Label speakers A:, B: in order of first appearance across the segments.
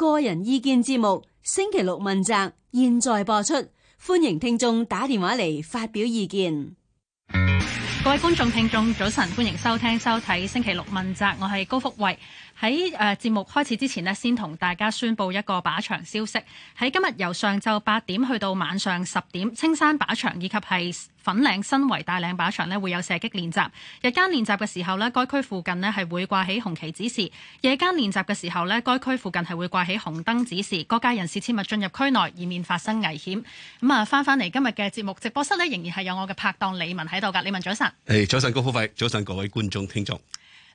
A: .個人意見節目星期六問責，現在播出，歡迎聽眾打電話嚟發表意見。各位觀眾聽眾，早晨，歡迎
B: 收聽收睇星期六問責，我係高福慧。喺誒、呃、節目開始之前咧，先同大家宣佈一個靶場消息。喺今日由上晝八點去到晚上十點，青山靶場以及係粉嶺新圍大嶺靶場咧，會有射擊練習。日間練習嘅時候咧，該區附近咧係會掛起紅旗指示。夜間練習嘅時候咧，該區附近係會掛起紅燈指示。各界人士切勿進入區內，以免發生危險。咁啊，翻返嚟今日嘅節目直播室咧，仍然係有我嘅拍檔李文喺度㗎。李文早晨，
C: 誒，早晨高科費，早晨、hey, 各，各位觀
B: 眾聽眾。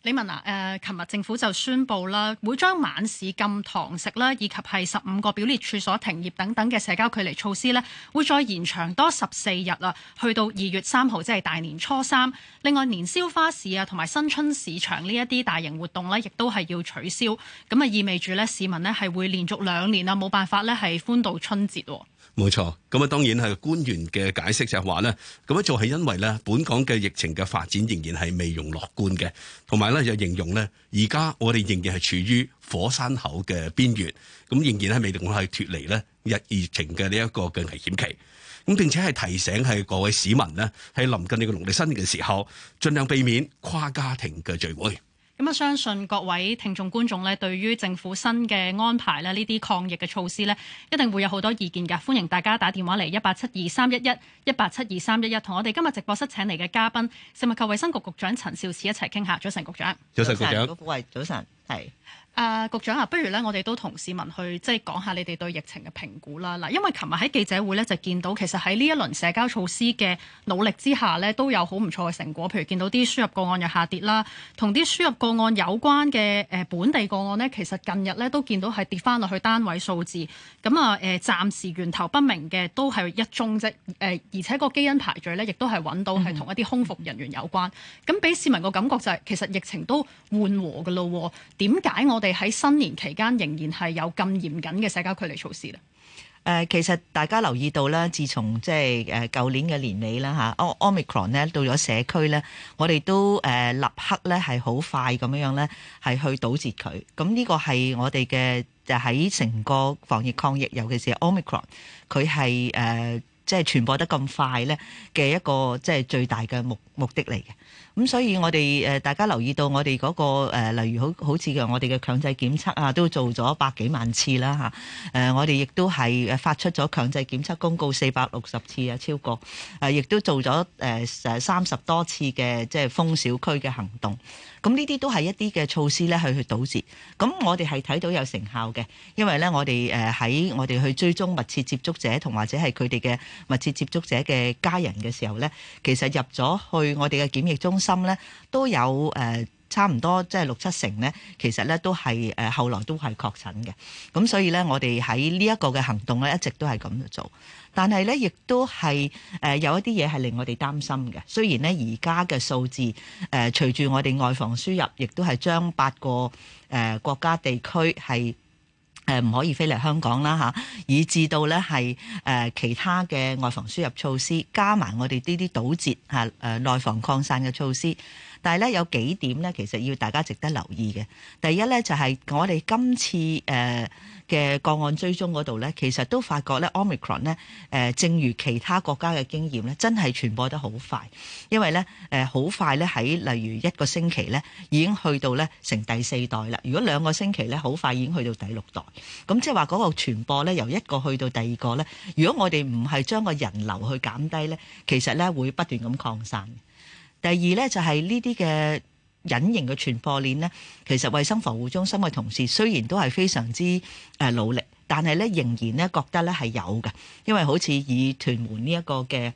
B: 你問啊？誒、呃，琴日政府就宣布啦，會將晚市禁堂食啦，以及係十五個表列處所停業等等嘅社交距離措施呢，會再延長多十四日啦，去到二月三號，即係大年初三。另外，年宵花市啊，同埋新春市場呢一啲大型活動呢，亦都係要取消。咁啊，意味住呢，市民呢係會連續兩年啊，冇辦法咧係歡度春節喎。
C: 冇錯，咁啊當然係官員嘅解釋就係話咧，咁樣就係因為咧，本港嘅疫情嘅發展仍然係未容樂觀嘅，同埋咧又形容咧，而家我哋仍然係處於火山口嘅邊緣，咁仍然係未能夠脫離咧日疫情嘅呢一個嘅危險期，咁並且係提醒係各位市民呢喺臨近呢個農曆新年嘅時候，盡量避免跨家庭嘅聚會。
B: 咁啊，相信各位聽眾觀眾咧，對於政府新嘅安排咧，呢啲抗疫嘅措施咧，一定會有好多意見㗎。歡迎大家打電話嚟一八七二三一一一八七二三一一，同我哋今日直播室請嚟嘅嘉賓食物及衞生局局長陳肇始一齊傾下。早晨，局長。早晨，局長。
A: 喂，早晨，係。
B: 誒、啊，局長啊，不如咧，我哋都同市民去即係講下你哋對疫情嘅評估啦。嗱，因為琴日喺記者會咧，就見到其實喺呢一輪社交措施嘅努力之下呢，都有好唔錯嘅成果。譬如見到啲輸入個案又下跌啦，同啲輸入個案有關嘅本地個案呢，其實近日呢都見到係跌翻落去單位數字。咁啊誒，暫時源頭不明嘅都係一宗啫。而且個基因排序呢，亦都係揾到係同一啲空服人員有關。咁俾、嗯、市民個感覺就係，其實疫情都緩和㗎咯。點解我我哋喺新年期間仍然係有咁嚴謹嘅社交距離措施咧？
A: 誒、呃，其實大家留意到啦，自從即係誒舊年嘅年尾啦嚇、啊、，O Omicron 咧到咗社區咧，我哋都誒、呃、立刻咧係好快咁樣咧係去堵截佢。咁呢個係我哋嘅就喺、是、成個防疫抗疫，尤其是 Omicron，佢係誒即、呃、係、就是、傳播得咁快咧嘅一個即係、就是、最大嘅目目的嚟嘅。咁所以我哋誒大家留意到我哋嗰個誒，例如好好似嘅我哋嘅強制檢測啊，都做咗百幾萬次啦吓、誒，我哋亦都係誒發出咗強制檢測公告四百六十次啊，超過誒亦都做咗誒誒三十多次嘅即係封小區嘅行動。咁呢啲都係一啲嘅措施咧，去去堵截，咁我哋係睇到有成效嘅，因為咧我哋喺我哋去追蹤密切接觸者同或者係佢哋嘅密切接觸者嘅家人嘅時候咧，其實入咗去我哋嘅檢疫中心咧都有、呃差唔多即係六七成呢，其實呢都係誒、呃、後來都係確診嘅。咁所以呢，我哋喺呢一個嘅行動呢，一直都係咁做。但係呢，亦都係有一啲嘢係令我哋擔心嘅。雖然呢，而家嘅數字誒隨住我哋外防輸入，亦都係將八個誒、呃、國家地區係唔可以飛嚟香港啦吓、啊，以至到呢係、呃、其他嘅外防輸入措施加埋我哋呢啲堵截嚇誒內防擴散嘅措施。但係咧有幾點咧，其實要大家值得留意嘅。第一咧就係我哋今次誒嘅個案追蹤嗰度咧，其實都發覺咧，Omicron 咧正如其他國家嘅經驗咧，真係傳播得好快。因為咧好快咧喺例如一個星期咧已經去到咧成第四代啦。如果兩個星期咧好快已經去到第六代，咁即係話嗰個傳播咧由一個去到第二個咧，如果我哋唔係將個人流去減低咧，其實咧會不斷咁擴散。第二咧就係呢啲嘅隱形嘅傳播鏈呢，其實衛生防護中心嘅同事雖然都係非常之誒努力，但係咧仍然咧覺得咧係有嘅，因為好似以屯門呢一個嘅。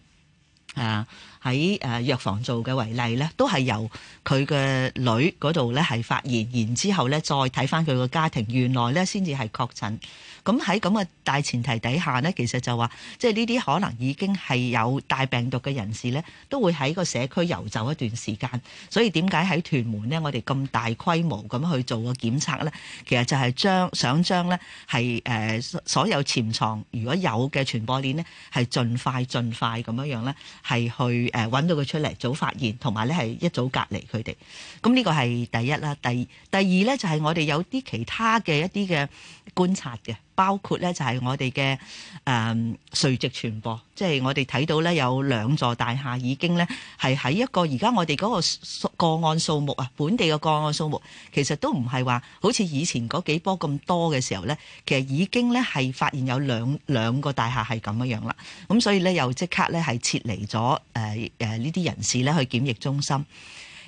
A: 啊，喺誒、啊、藥房做嘅為例咧，都係由佢嘅女嗰度咧係發現，然之後咧再睇翻佢個家庭，原來咧先至係確診。咁喺咁嘅大前提底下呢，其實就話，即係呢啲可能已經係有帶病毒嘅人士呢，都會喺個社區遊走一段時間。所以點解喺屯門呢？我哋咁大規模咁去做個檢測呢，其實就係將想將呢係誒、呃、所有潛藏如果有嘅傳播鏈呢，係盡快盡快咁樣樣呢。係去誒揾到佢出嚟，早發現同埋咧係一早隔離佢哋，咁呢個係第一啦。第二第二咧就係我哋有啲其他嘅一啲嘅觀察嘅。包括咧就係我哋嘅誒垂直傳播，即係我哋睇到咧有兩座大廈已經咧係喺一個而家我哋嗰個個案數目啊，本地嘅個案數目其實都唔係話好似以前嗰幾波咁多嘅時候咧，其實已經咧係發現有兩兩個大廈係咁嘅樣啦，咁所以咧又即刻咧係撤離咗誒誒呢啲人士咧去檢疫中心。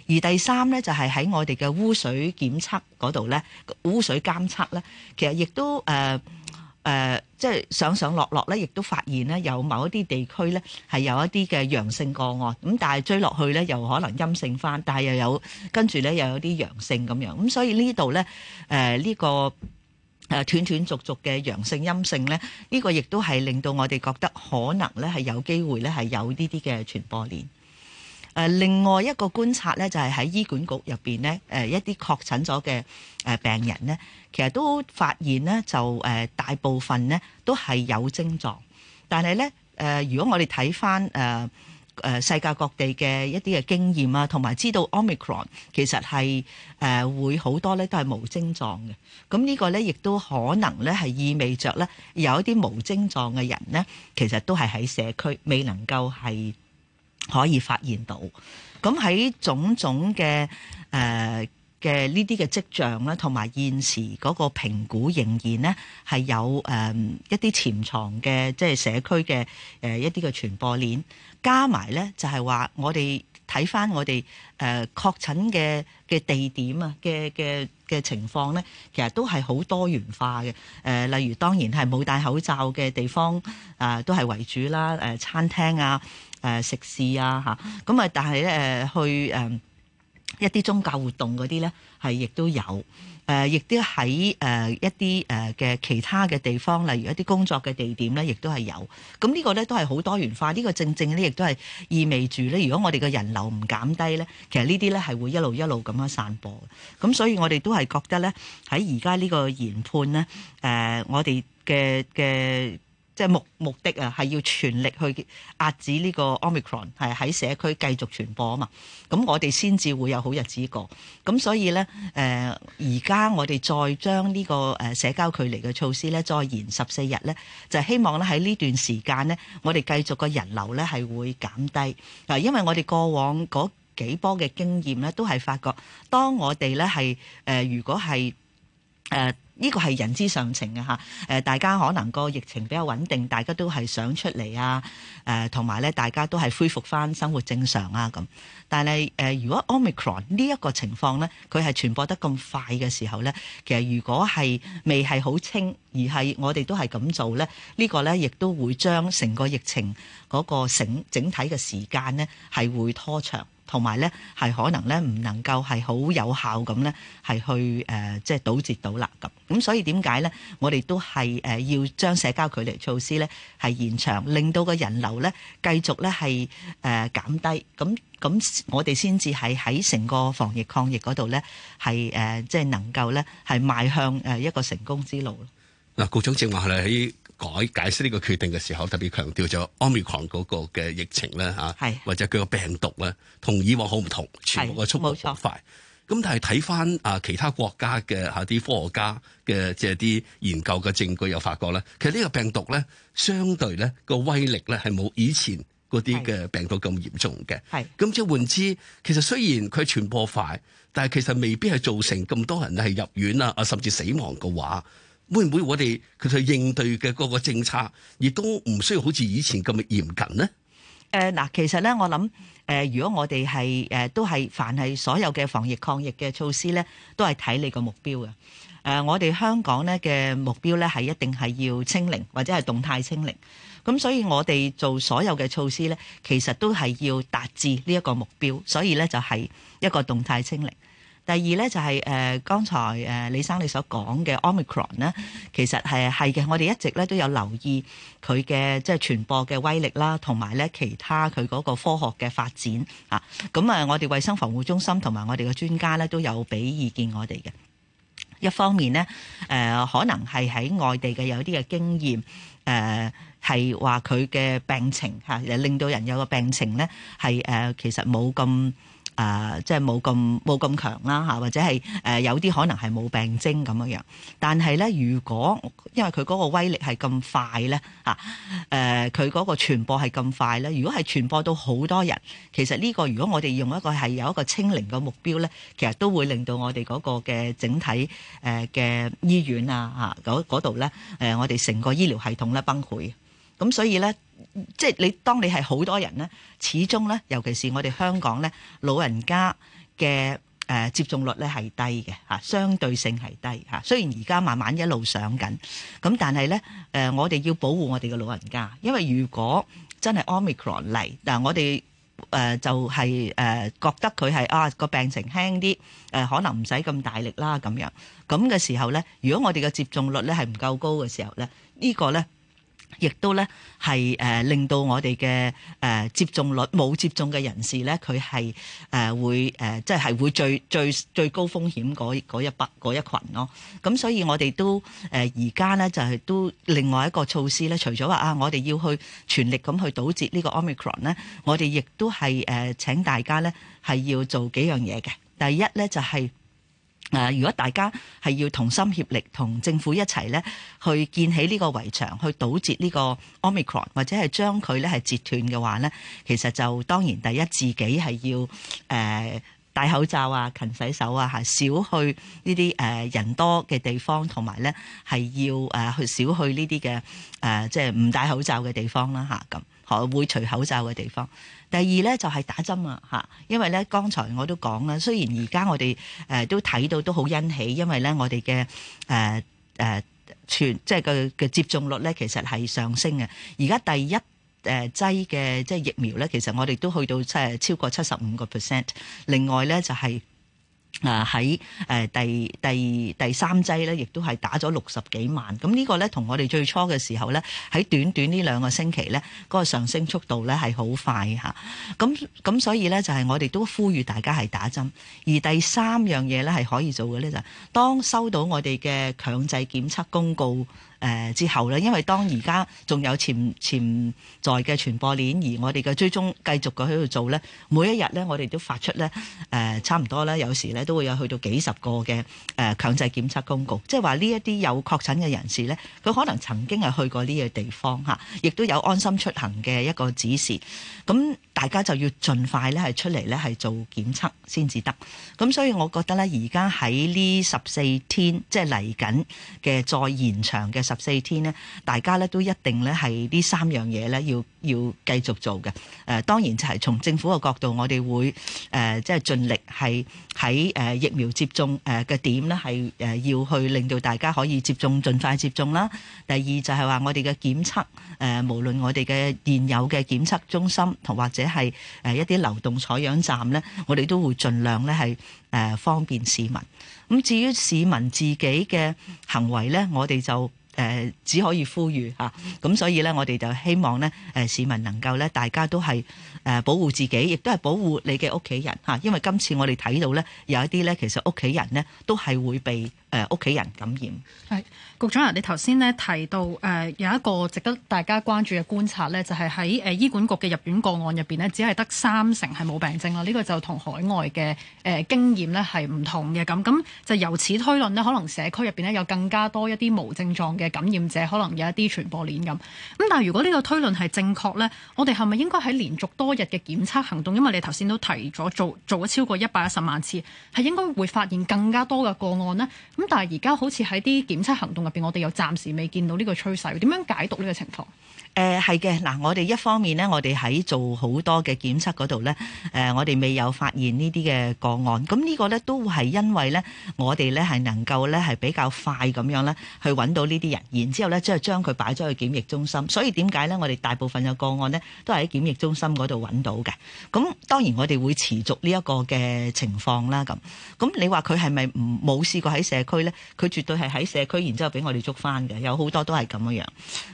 A: 而第三呢，就係喺我哋嘅污水檢測嗰度呢，污水監測呢，其實亦都誒誒，即係上上落落呢，亦都發現呢，有某一啲地區呢，係有一啲嘅陽性個案，咁但係追落去呢，又可能陰性返，但係又有跟住呢，又有啲陽性咁樣，咁所以呢度呢，誒呢個誒斷斷續續嘅陽性陰性呢，呢個亦都係令到我哋覺得可能呢，係有機會呢，係有呢啲嘅傳播鏈。誒另外一個觀察咧，就係喺醫管局入邊呢，誒一啲確診咗嘅誒病人呢，其實都發現呢，就誒大部分呢都係有症狀，但係呢，誒如果我哋睇返誒誒世界各地嘅一啲嘅經驗啊，同埋知道 Omicron 其實係誒會好多呢都係無症狀嘅，咁、這、呢個呢，亦都可能呢係意味着呢，有一啲無症狀嘅人呢，其實都係喺社區未能夠係。可以發現到，咁喺種種嘅誒嘅呢啲嘅跡象咧，同埋現時嗰個評估仍然咧係有誒一啲潛藏嘅即係社區嘅誒一啲嘅傳播鏈，加埋咧就係話我哋。睇翻我哋誒、呃、確診嘅嘅地點啊，嘅嘅嘅情況咧，其實都係好多元化嘅。誒、呃，例如當然係冇戴口罩嘅地方啊、呃，都係為主啦。誒、呃，餐廳啊，誒、呃、食肆啊，嚇。咁啊，但係咧、呃，去誒、呃、一啲宗教活動嗰啲咧，係亦都有。誒，亦都喺誒一啲誒嘅其他嘅地方，例如一啲工作嘅地點咧，亦都係有。咁呢個咧都係好多元化。呢個正正呢亦都係意味住咧，如果我哋嘅人流唔減低咧，其實呢啲咧係會一路一路咁樣散播。咁所以我哋都係覺得咧，喺而家呢個研判咧，誒、呃，我哋嘅嘅。即係目目的啊，係要全力去壓止呢個 Omicron，係喺社區繼續傳播啊嘛，咁我哋先至會有好日子過。咁所以呢，誒而家我哋再將呢個誒社交距離嘅措施呢，再延十四日呢，就希望咧喺呢段時間呢，我哋繼續個人流呢係會減低。嗱，因為我哋過往嗰幾波嘅經驗呢，都係發覺，當我哋呢係誒、呃、如果係誒。呃呢個係人之常情嘅嚇，誒大家可能個疫情比較穩定，大家都係想出嚟啊，誒同埋咧大家都係恢復返生活正常啊咁。但係誒、呃、如果 Omicron 呢一個情況呢，佢係傳播得咁快嘅時候呢，其實如果係未係好清，而係我哋都係咁做、這個、呢，呢個呢亦都會將成個疫情嗰個整整體嘅時間呢，係會拖長。同埋咧，係可能咧，唔能夠係好有效咁咧，係去誒，即係堵截到啦咁。咁所以點解咧？我哋都係誒要將社交距離措施咧係延長，令到個人流咧繼續咧係誒減低。咁咁我哋先至係喺成個防疫抗疫嗰度咧係誒，即係、呃就是、能夠咧係邁向誒一個成功之路。
C: 嗱，局長、啊，正話係喺。改解釋呢個決定嘅時候，特別強調咗 Omicron 嗰個嘅疫情咧嚇，是或者佢個病毒咧，同以往好唔同，全部嘅速度好快。咁但係睇翻啊，其他國家嘅嚇啲科學家嘅即係啲研究嘅證據，又發覺咧，其實呢個病毒咧，相對咧個威力咧係冇以前嗰啲嘅病毒咁嚴重嘅。係咁即係換之，其實雖然佢傳播快，但係其實未必係造成咁多人係入院啊，甚至死亡嘅話。會唔會我哋去應對嘅嗰個政策，亦都唔需要好似以前咁嚴謹呢？
A: 誒嗱、呃，其實咧，我諗誒、呃，如果我哋係誒都係凡係所有嘅防疫抗疫嘅措施咧，都係睇你個目標嘅。誒、呃，我哋香港咧嘅目標咧係一定係要清零或者係動態清零。咁所以我哋做所有嘅措施咧，其實都係要達至呢一個目標，所以咧就係一個動態清零。第二咧就係誒，剛才誒李生你所講嘅 Omicron 咧，其實係係嘅。我哋一直咧都有留意佢嘅即係傳播嘅威力啦，同埋咧其他佢嗰個科學嘅發展啊。咁啊，我哋衞生防護中心同埋我哋嘅專家咧都有俾意見我哋嘅。一方面呢，誒、呃、可能係喺外地嘅有啲嘅經驗，誒係話佢嘅病情嚇、啊，令到人有個病情咧係誒，其實冇咁。誒、呃，即係冇咁冇咁強啦嚇，或者係誒、呃、有啲可能係冇病徵咁樣樣。但係咧，如果因為佢嗰個威力係咁快咧嚇，誒佢嗰個傳播係咁快咧，如果係傳播到好多人，其實呢個如果我哋用一個係有一個清零嘅目標咧，其實都會令到我哋嗰個嘅整體誒嘅、呃、醫院啊嗰度咧誒，我哋成個醫療系統咧崩潰。咁所以咧，即係你當你係好多人咧，始終咧，尤其是我哋香港咧，老人家嘅誒、呃、接種率咧係低嘅嚇，相對性係低嚇。雖然而家慢慢一路上緊，咁但係咧誒，我哋要保護我哋嘅老人家，因為如果真係 Omicron 嚟，嗱我哋誒、呃、就係、是、誒、呃、覺得佢係啊個病情輕啲，誒、呃、可能唔使咁大力啦咁樣。咁嘅時候咧，如果我哋嘅接種率咧係唔夠高嘅時候咧，這個、呢個咧。亦都咧係令到我哋嘅、呃、接種率冇接種嘅人士咧，佢係誒會即係、呃就是、會最最最高風險嗰嗰一百嗰一群咯、哦。咁所以我哋都而家咧就係都另外一個措施咧，除咗話啊，我哋要去全力咁去堵截呢個 Omicron 咧，我哋亦都係誒請大家咧係要做幾樣嘢嘅。第一咧就係、是。誒，如果大家係要同心協力，同政府一齊咧，去建起呢個圍牆，去堵截呢個 Omicron，或者係將佢咧係截斷嘅話咧，其實就當然第一自己係要誒戴口罩啊、勤洗手啊、嚇少去呢啲誒人多嘅地方，同埋咧係要誒去少去呢啲嘅誒即係唔戴口罩嘅地方啦嚇咁。會除口罩嘅地方。第二呢，就係、是、打針啊，嚇！因為呢，剛才我都講啦，雖然而家我哋誒、呃、都睇到都好欣喜，因為呢，我哋嘅誒誒全即係個嘅接種率呢，其實係上升嘅。而家第一誒劑嘅即係疫苗呢，其實我哋都去到即係超過七十五個 percent。另外呢，就係、是。啊！喺誒第第第三劑咧，亦都係打咗六十幾萬。咁呢個咧，同我哋最初嘅時候咧，喺短短呢兩個星期咧，嗰個上升速度咧係好快吓。咁咁所以咧，就係我哋都呼籲大家係打針。而第三樣嘢咧，係可以做嘅咧就係，當收到我哋嘅強制檢測公告。呃、之後呢，因為當而家仲有潛，潛在嘅傳播鏈，而我哋嘅追蹤繼續嘅喺度做呢。每一日呢，我哋都發出呢、呃，差唔多呢，有時呢，都會有去到幾十個嘅、呃、強制檢測公告，即係話呢一啲有確診嘅人士呢，佢可能曾經係去過呢個地方吓，亦都有安心出行嘅一個指示。咁大家就要盡快呢，係出嚟呢，係做檢測先至得。咁所以我覺得呢，而家喺呢十四天即係嚟緊嘅再延長嘅。十四天呢，大家咧都一定咧係呢三樣嘢咧，要要繼續做嘅。誒、呃，當然就係從政府嘅角度，我哋會誒即係盡力係喺誒疫苗接種誒嘅點咧，係誒要去令到大家可以接種，盡快接種啦。第二就係話我哋嘅檢測誒，無論我哋嘅現有嘅檢測中心同或者係誒一啲流動採樣站咧，我哋都會盡量咧係誒方便市民。咁至於市民自己嘅行為咧，我哋就誒只可以呼籲嚇，咁所以呢，我哋就希望呢誒市民能夠咧，大家都係誒保護自己，亦都係保護你嘅屋企人嚇。因為今次我哋睇到呢，有一啲呢其實屋企人呢都係會被誒屋企人感染。
B: 係，局長啊，你頭先呢提到誒有一個值得大家關注嘅觀察呢，就係喺誒醫管局嘅入院個案入邊呢，只係得三成係冇病症啦。呢個就同海外嘅誒經驗呢係唔同嘅。咁咁就由此推論呢，可能社區入邊呢有更加多一啲無症狀。嘅感染者可能有一啲傳播鏈咁，咁但係如果呢個推論係正確呢，我哋係咪應該喺連續多日嘅檢測行動？因為你頭先都提咗做做咗超過一百一十萬次，係應該會發現更加多嘅個案呢。咁但係而家好似喺啲檢測行動入邊，我哋又暫時未見到呢個趨勢，點樣解讀呢個情況？
A: 誒係嘅，嗱、呃、我哋一方面呢，我哋喺做好多嘅檢測嗰度呢，誒、呃、我哋未有發現呢啲嘅個案，咁呢個呢，都係因為呢，我哋呢係能夠呢，係比較快咁樣呢，去揾到呢啲人，然之後呢，即係將佢擺咗去檢疫中心，所以點解呢？我哋大部分嘅個案呢，都係喺檢疫中心嗰度揾到嘅，咁當然我哋會持續呢一個嘅情況啦，咁，咁你話佢係咪唔冇試過喺社區呢？佢絕對係喺社區，然之後俾我哋捉翻嘅，有好多都係咁樣樣，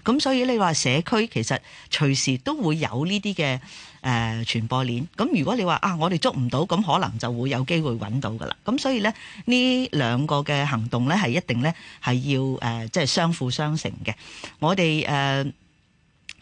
A: 咁所以你話社區其實隨時都會有呢啲嘅誒傳播鏈，咁如果你話啊，我哋捉唔到，咁可能就會有機會揾到噶啦。咁所以呢，呢兩個嘅行動呢，係一定呢，係要誒，即係相輔相成嘅。我哋誒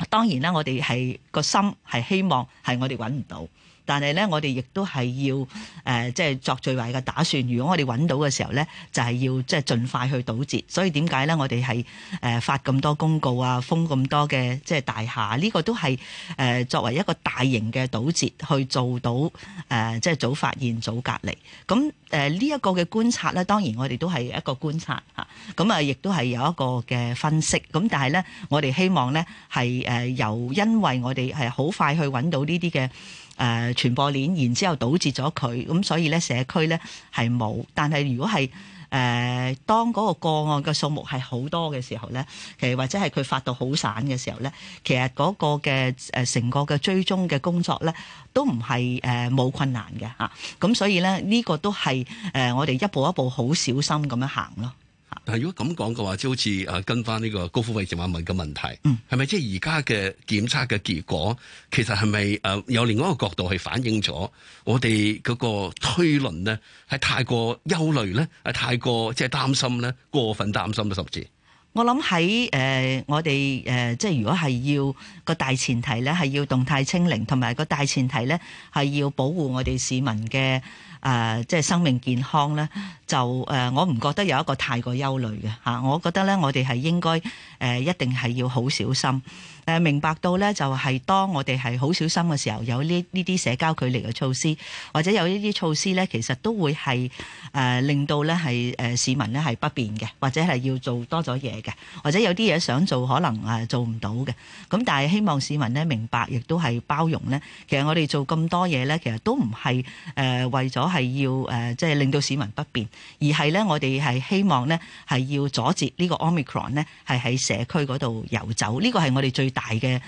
A: 當然啦，我哋係個心係希望係我哋揾唔到。但係呢，我哋亦都係要誒，即、呃、係、就是、作最壞嘅打算。如果我哋揾到嘅時候呢，就係、是、要即係、就是、盡快去堵截。所以點解呢？我哋係誒發咁多公告啊，封咁多嘅即係大廈，呢、這個都係誒、呃、作為一個大型嘅堵截去做到誒，即、呃、係、就是、早發現、早隔離。咁誒呢一個嘅觀察呢，當然我哋都係一個觀察吓，咁啊，亦都係有一個嘅分析。咁、啊、但係呢，我哋希望呢係誒由因為我哋係好快去揾到呢啲嘅。誒、呃、傳播鏈，然之後導致咗佢，咁所以呢社區呢係冇。但係如果係誒當嗰個個案嘅數目係好多嘅時候呢，誒或者係佢發到好散嘅時候呢，其實嗰個嘅誒成個嘅追蹤嘅工作呢都唔係誒冇困難嘅嚇。咁所以呢，呢個都係誒、呃、我哋一步一步好小心咁樣行咯。
C: 但係如果咁講嘅話，即好似誒跟翻呢個高夫偉前晚問嘅問題，係咪即係而家嘅檢測嘅結果，其實係咪誒有另外一個角度去反映咗我哋嗰個推論呢，係太過憂慮咧，係太過即係擔心咧，過分擔心都甚至。
A: 我諗喺誒我哋誒即係如果係要個大前提咧，係要動態清零，同埋個大前提咧係要保護我哋市民嘅。誒、呃，即係生命健康呢，就誒、呃，我唔覺得有一個太過憂慮嘅嚇，我覺得呢，我哋係應該誒、呃，一定係要好小心。明白到呢，就係、是、當我哋係好小心嘅時候，有呢呢啲社交距離嘅措施，或者有呢啲措施呢，其實都會係、呃、令到呢係市民呢係不便嘅，或者係要做多咗嘢嘅，或者有啲嘢想做可能做唔到嘅。咁但係希望市民呢明白，亦都係包容呢。其實我哋做咁多嘢呢，其實都唔係誒為咗係要即係、呃、令到市民不便，而係呢我哋係希望呢係要阻止呢個 Omicron 呢係喺社區嗰度遊走。呢個係我哋最大嘅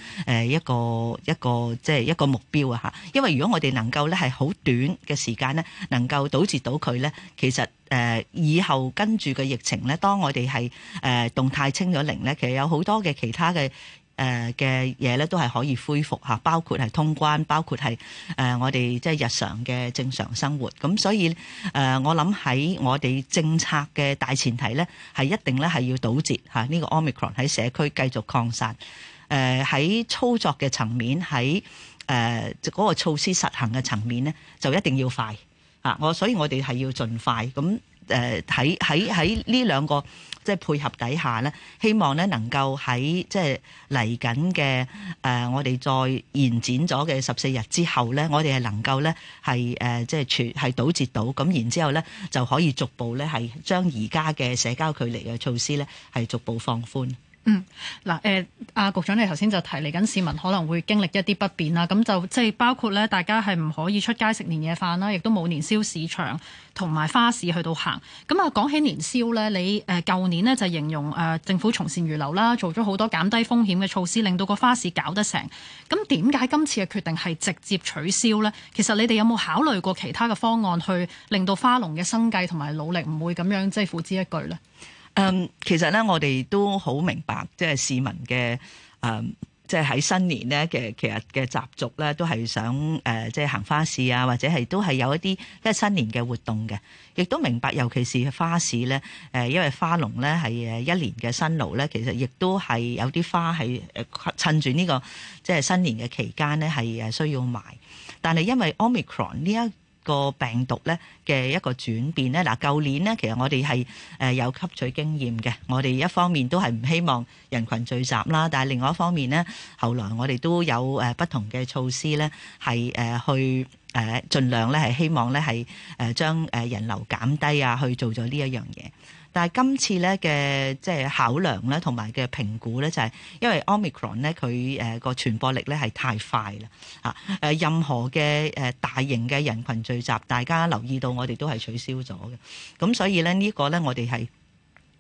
A: 一個一個，一個即係一個目標啊！因為如果我哋能夠咧係好短嘅時間呢，能夠堵截到佢呢。其實以後跟住嘅疫情呢，當我哋係誒動態清咗零呢，其實有好多嘅其他嘅嘅嘢呢都係可以恢復嚇，包括係通關，包括係我哋即係日常嘅正常生活。咁所以誒，我諗喺我哋政策嘅大前提呢，係一定呢係要堵截嚇呢、呢個 Omicron 喺社區繼續擴散。誒喺、呃、操作嘅層面，喺誒嗰個措施實行嘅層面呢，就一定要快啊！我所以我哋係要盡快咁誒喺喺喺呢兩個即係配合底下呢，希望呢能夠喺即係嚟緊嘅誒，我哋再延展咗嘅十四日之後呢，我哋係能夠呢係誒即係全係堵截到，咁然之後呢，就可以逐步呢係將而家嘅社交距離嘅措施呢係逐步放寬。
B: 嗯，嗱、呃，誒、啊，阿局長你頭先就提嚟緊，市民可能會經歷一啲不便啦，咁就即係包括咧，大家係唔可以出街食年夜飯啦，亦都冇年宵市場同埋花市去到行。咁啊，講起年宵咧，你誒舊年呢就形容誒政府從善如流啦，做咗好多減低風險嘅措施，令到個花市搞得成。咁點解今次嘅決定係直接取消呢？其實你哋有冇考慮過其他嘅方案去令到花農嘅生計同埋努力唔會咁樣即係付之一炬呢？
A: Um, 就是、嗯、就是，其實咧，我哋都好明白，即係市民嘅誒，即係喺新年咧嘅，其實嘅習俗咧，都係想誒，即、呃、係、就是、行花市啊，或者係都係有一啲，因為新年嘅活動嘅，亦都明白，尤其是花市咧，誒，因為花農咧係誒一年嘅辛勞咧，其實亦都係有啲花係誒趁住呢、這個即係、就是、新年嘅期間咧，係誒需要賣，但係因為 Omicron 呢一個病毒咧嘅一個轉變咧，嗱，舊年呢，其實我哋係誒有吸取經驗嘅，我哋一方面都係唔希望人群聚集啦，但係另外一方面呢，後來我哋都有誒不同嘅措施咧，係誒去誒盡量咧係希望咧係誒將誒人流減低啊，去做咗呢一樣嘢。但係今次咧嘅即係考量咧、同埋嘅評估咧，就係因為 Omicron 咧佢誒個傳播力咧係太快啦，嚇誒任何嘅誒大型嘅人群聚集，大家留意到我哋都係取消咗嘅咁，所以咧呢個咧我哋係。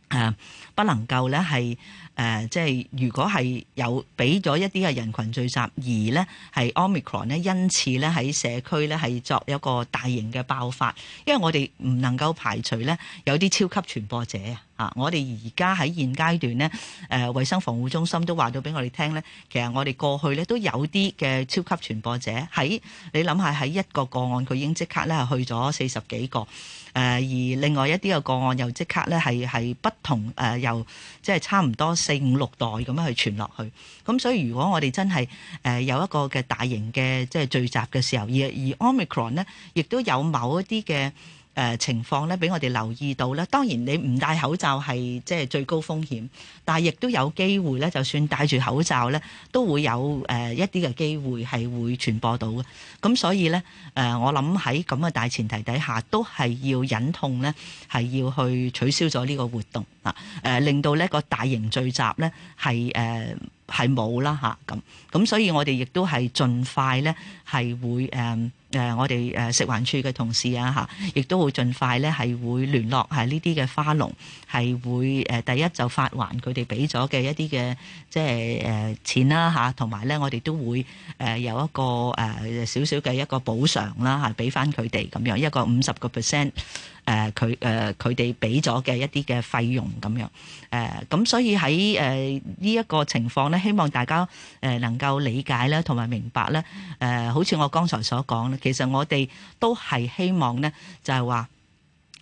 A: 誒、啊、不能夠咧係誒即係如果係有俾咗一啲嘅人群聚集而呢係 Omicron 呢，因此呢喺社區呢係作一個大型嘅爆發，因為我哋唔能夠排除呢有啲超級傳播者啊！啊，我哋而家喺現階段呢，誒、啊、衛生防護中心都話到俾我哋聽呢，其實我哋過去呢都有啲嘅超級傳播者喺，你諗下喺一個個案，佢已經即刻咧去咗四十幾個。誒而另外一啲嘅個案又即刻咧係係不同誒又、呃、即係差唔多四五六代咁樣去傳落去，咁所以如果我哋真係誒有一個嘅大型嘅即係聚集嘅時候，而而 Omicron 呢亦都有某一啲嘅。誒、呃、情況咧，俾我哋留意到咧。當然你唔戴口罩係即係最高風險，但係亦都有機會咧，就算戴住口罩咧，都會有誒一啲嘅機會係會傳播到嘅。咁所以咧，誒、呃、我諗喺咁嘅大前提底下，都係要忍痛咧，係要去取消咗呢個活動啊、呃，令到呢、呢個大型聚集咧係誒。係冇啦嚇，咁咁，啊、所以我哋亦都係盡快咧，係會誒誒、啊啊，我哋誒食環署嘅同事啊嚇，亦都會盡快咧，係會聯絡係呢啲嘅花農，係會誒、啊、第一就發還佢哋俾咗嘅一啲嘅即係誒錢啦嚇，同埋咧我哋都會誒、啊、有一個誒少少嘅一個補償啦嚇，俾翻佢哋咁樣一個五十個 percent。誒佢誒佢哋俾咗嘅一啲嘅費用咁樣，誒、呃、咁所以喺誒呢一個情況呢，希望大家誒能夠理解啦，同埋明白咧，誒、呃、好似我剛才所講咧，其實我哋都係希望呢，就係、是、話。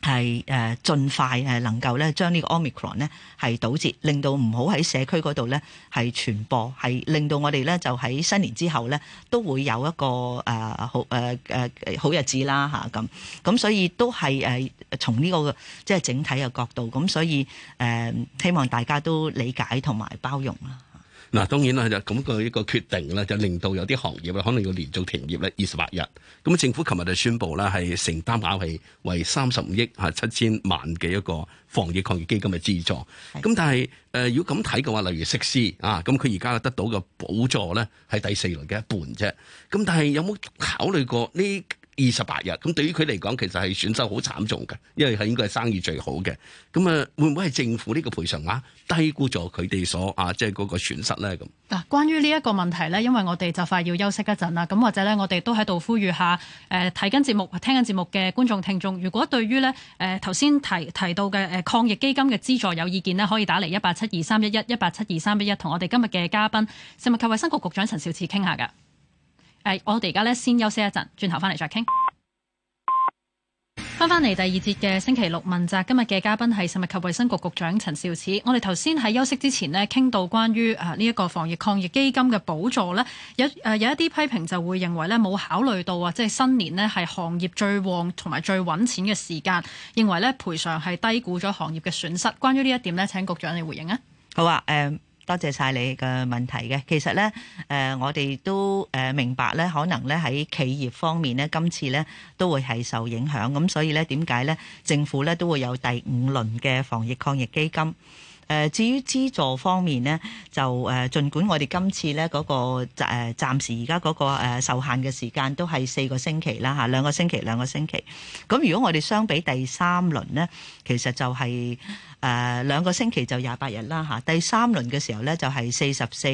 A: 係誒，盡快誒能夠咧，將呢個 Omicron 咧係堵截，令到唔好喺社區嗰度咧係傳播，係令到我哋咧就喺新年之後咧都會有一個誒好誒誒好日子啦嚇咁。咁所以都係誒從呢個即係整體嘅角度，咁所以誒、呃、希望大家都理解同埋包容啦。
C: 嗱，當然啦，就咁個一個決定啦，就令到有啲行業啊，可能要連續停業咧二十八日。咁政府琴日就宣布啦，係承擔額係為三十五億嚇七千萬嘅一個防疫抗疫基金嘅資助。咁的但係誒、呃，如果咁睇嘅話，例如食肆，啊，咁佢而家得到嘅補助咧係第四輪嘅一半啫。咁但係有冇考慮過呢？二十八日，咁對於佢嚟講，其實係損失好慘重嘅，因為係應該係生意最好嘅。咁啊，會唔會係政府呢個賠償額低估咗佢哋所啊，即係嗰個損失呢？咁
B: 嗱，關於呢一個問題呢，因為我哋就快要休息一陣啦，咁或者呢，我哋都喺度呼籲下，誒睇緊節目、聽緊節目嘅觀眾聽眾，如果對於呢誒頭先提提到嘅誒抗疫基金嘅資助有意見呢，可以打嚟一八七二三一一一八七二三一一，同我哋今日嘅嘉賓食物及衞生局局長陳肇始傾下㗎。誒、哎，我哋而家咧先休息一陣，轉頭翻嚟再傾。翻翻嚟第二節嘅星期六問責，今日嘅嘉賓係食物及衛生局局長陳肇始。我哋頭先喺休息之前咧，傾到關於誒呢一個防疫抗疫基金嘅補助咧，有誒有一啲批評就會認為咧冇考慮到啊，即、就、係、是、新年咧係行業最旺同埋最揾錢嘅時間，認為咧賠償係低估咗行業嘅損失。關於呢一點咧，請局長嚟回應啊。
A: 好啊，誒、um。多謝晒你嘅問題嘅，其實呢，誒、呃，我哋都誒明白呢可能呢喺企業方面呢，今次呢都會係受影響，咁所以呢，點解呢政府呢都會有第五輪嘅防疫抗疫基金？誒、呃，至於資助方面呢，就誒、呃，儘管我哋今次呢、那、嗰個暫、呃、暫時而家嗰個受、呃、限嘅時間都係四個星期啦，嚇、啊、兩個星期，兩個星期。咁如果我哋相比第三輪呢，其實就係、是。誒兩個星期就廿八日啦嚇，第三輪嘅時候呢，就係四十四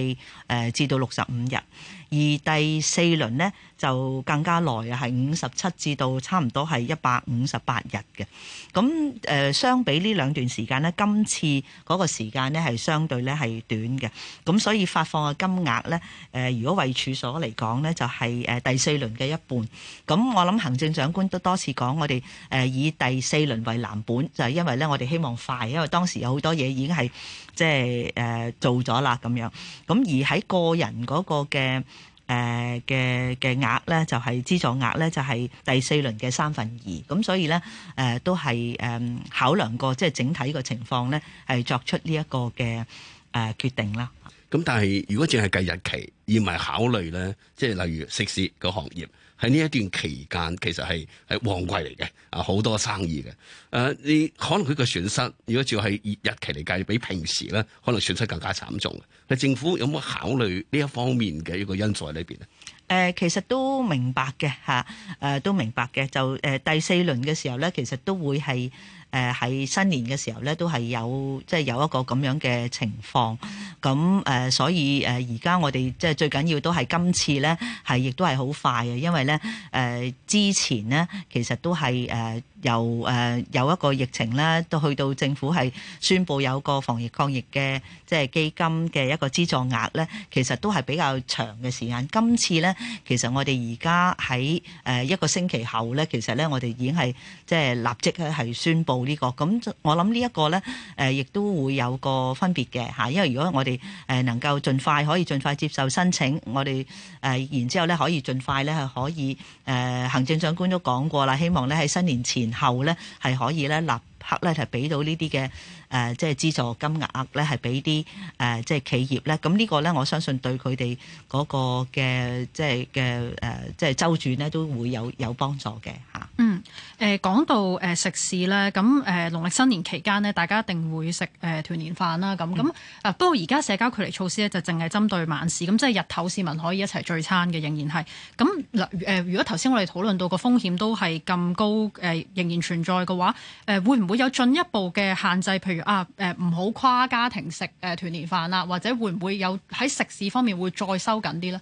A: 誒至到六十五日，而第四輪呢，就更加耐啊，係五十七至到差唔多係一百五十八日嘅。咁誒相比呢兩段時間呢，今次嗰個時間呢，係相對呢係短嘅。咁所以發放嘅金額呢，誒如果為處所嚟講呢，就係誒第四輪嘅一半。咁我諗行政長官都多次講，我哋誒以第四輪為藍本，就係、是、因為呢，我哋希望快因為當時有好多嘢已經係即係誒做咗啦，咁樣咁而喺個人嗰個嘅誒嘅嘅額咧，就係、是、資助額咧，就係、是、第四輪嘅三分二咁，所以咧誒、呃、都係誒、呃、考量過即係整體個情況咧，係作出呢一個嘅誒、呃、決定啦。
C: 咁但係如果淨係計日期，而唔係考慮咧，即係例如食肆個行業。喺呢一段期間，其實係係旺季嚟嘅，啊好多生意嘅，誒、呃、你可能佢嘅損失，如果照係日期嚟計，比平時咧可能損失更加慘重嘅。佢政府有冇考慮呢一方面嘅一個因素喺呢邊啊？
A: 誒、呃，其實都明白嘅嚇，誒、啊呃、都明白嘅，就誒、呃、第四輪嘅時候咧，其實都會係。誒喺新年嘅時候咧，都係有即係、就是、有一個咁樣嘅情況。咁誒，所以誒而家我哋即係最緊要都係今次咧，係亦都係好快嘅，因為咧誒、呃、之前呢，其實都係誒由誒有一個疫情咧，都去到政府係宣布有個防疫抗疫嘅即係基金嘅一個資助額咧，其實都係比較長嘅時間。今次咧，其實我哋而家喺誒一個星期後咧，其實咧我哋已經係即係立即咧係宣布。呢、這個咁，我諗呢一個呢，誒、呃，亦都會有個分別嘅吓。因為如果我哋誒能夠盡快可以盡快接受申請，我哋誒、呃、然之後呢，可以盡快呢，係可以誒、呃，行政長官都講過啦，希望呢喺新年前後呢，係可以呢立刻呢，係俾到呢啲嘅。誒，即係、呃就是、資助金額咧，係俾啲誒，即、呃、係、就是、企業咧。咁呢個咧，我相信對佢哋嗰個嘅即係嘅誒，即係週轉呢，都會有有幫助嘅嚇。
B: 嗯，誒、呃、講到誒、呃、食肆咧，咁、呃、誒農曆新年期間呢，大家一定會食誒、呃、團年飯啦。咁咁、嗯、啊，不過而家社交距離措施咧，就淨係針對晚市，咁、嗯、即係日頭市民可以一齊聚餐嘅，仍然係。咁嗱誒，如果頭先我哋討論到個風險都係咁高，誒、呃、仍然存在嘅話，誒、呃、會唔會有進一步嘅限制？譬如啊！誒、呃、唔好跨家庭食誒、呃、團年飯啦、啊，或者會唔會有喺食肆方面會再收緊啲咧？
A: 誒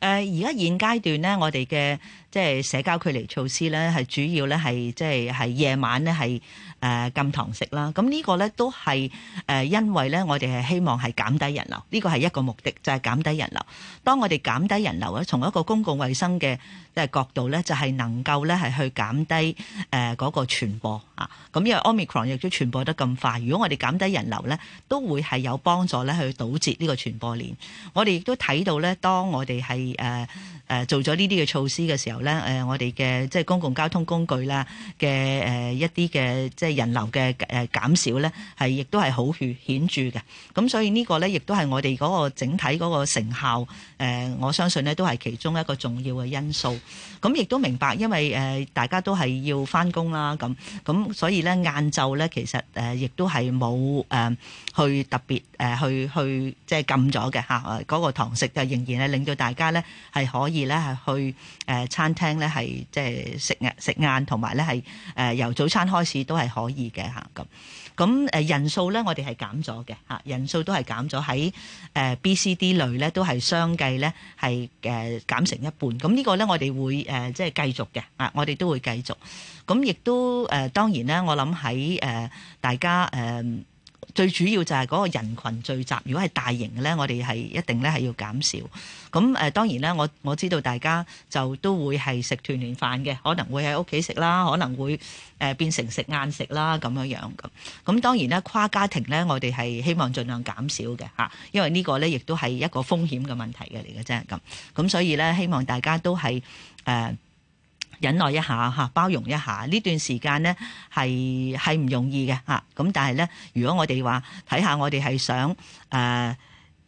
A: 而家現階段咧，我哋嘅。即係社交距離措施咧，係主要咧係即係係夜晚咧係誒禁堂食啦。咁呢個咧都係誒，因為咧我哋係希望係減低人流，呢個係一個目的，就係減低人流。當我哋減低人流咧，從一個公共衛生嘅誒角度咧，就係能夠咧係去減低誒嗰個傳播啊。咁因為 Omicron 亦都傳播得咁快，如果我哋減低人流咧，都會係有幫助咧去堵截呢個傳播鏈。我哋亦都睇到咧，當我哋係誒做咗呢啲嘅措施嘅時候，咧誒，我哋嘅即係公共交通工具啦嘅誒一啲嘅即係人流嘅誒減少咧，係亦都係好顯顯著嘅。咁所以呢個咧，亦都係我哋嗰個整體嗰個成效誒，我相信呢，都係其中一個重要嘅因素。咁亦都明白，因為誒大家都係要翻工啦，咁咁所以咧晏晝咧，其實誒亦都係冇誒去特別誒去去即係禁咗嘅嚇，嗰個堂食就仍然係令到大家咧係可以咧係去誒餐。餐廳咧係即係食晏食晏，同埋咧係誒由早餐開始都係可以嘅吓咁。咁、啊、誒、啊、人數咧，我哋係減咗嘅吓，人數都係減咗喺誒 B、C、呃、BC、D 類咧，都係相繼咧係誒減成一半。咁、啊這個、呢個咧，我哋會誒、呃、即係繼續嘅啊，我哋都會繼續。咁、啊、亦都誒、呃，當然咧，我諗喺誒大家誒。呃最主要就係嗰個人群聚集，如果係大型嘅呢，我哋係一定呢係要減少。咁誒、呃、當然呢，我我知道大家就都會係食團年飯嘅，可能會喺屋企食啦，可能會誒、呃、變成食晏食啦咁樣樣咁。咁當然呢，跨家庭呢，我哋係希望盡量減少嘅嚇、啊，因為呢個呢，亦都係一個風險嘅問題嘅嚟嘅啫咁。咁所以呢，希望大家都係誒。呃忍耐一下嚇，包容一下呢段時間咧，係係唔容易嘅嚇。咁但係呢，如果我哋話睇下，看看我哋係想誒、呃、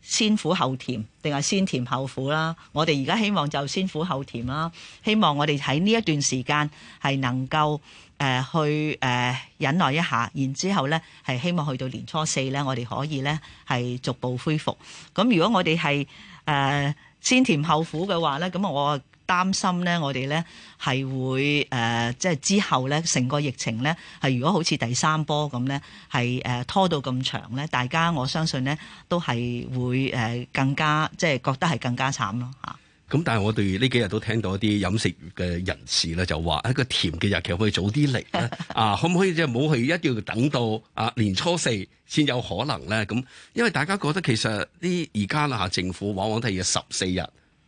A: 先苦後甜定係先甜後苦啦？我哋而家希望就先苦後甜啦。希望我哋喺呢一段時間係能夠誒、呃、去誒、呃、忍耐一下，然之後呢，係希望去到年初四呢，我哋可以呢係逐步恢復。咁如果我哋係誒先甜後苦嘅話呢，咁我，擔心咧，我哋咧係會即係之後咧，成個疫情咧係如果好似第三波咁咧，係拖到咁長咧，大家我相信咧都係會更加即係覺得係更加慘咯嚇。
C: 咁但係我哋呢幾日都聽到一啲飲食嘅人士咧就話，一個甜嘅日期可以早啲嚟咧啊，可唔可以即係冇去一定要等到啊年初四先有可能咧？咁因為大家覺得其實呢，而家啦嚇政府往往都係要十四日。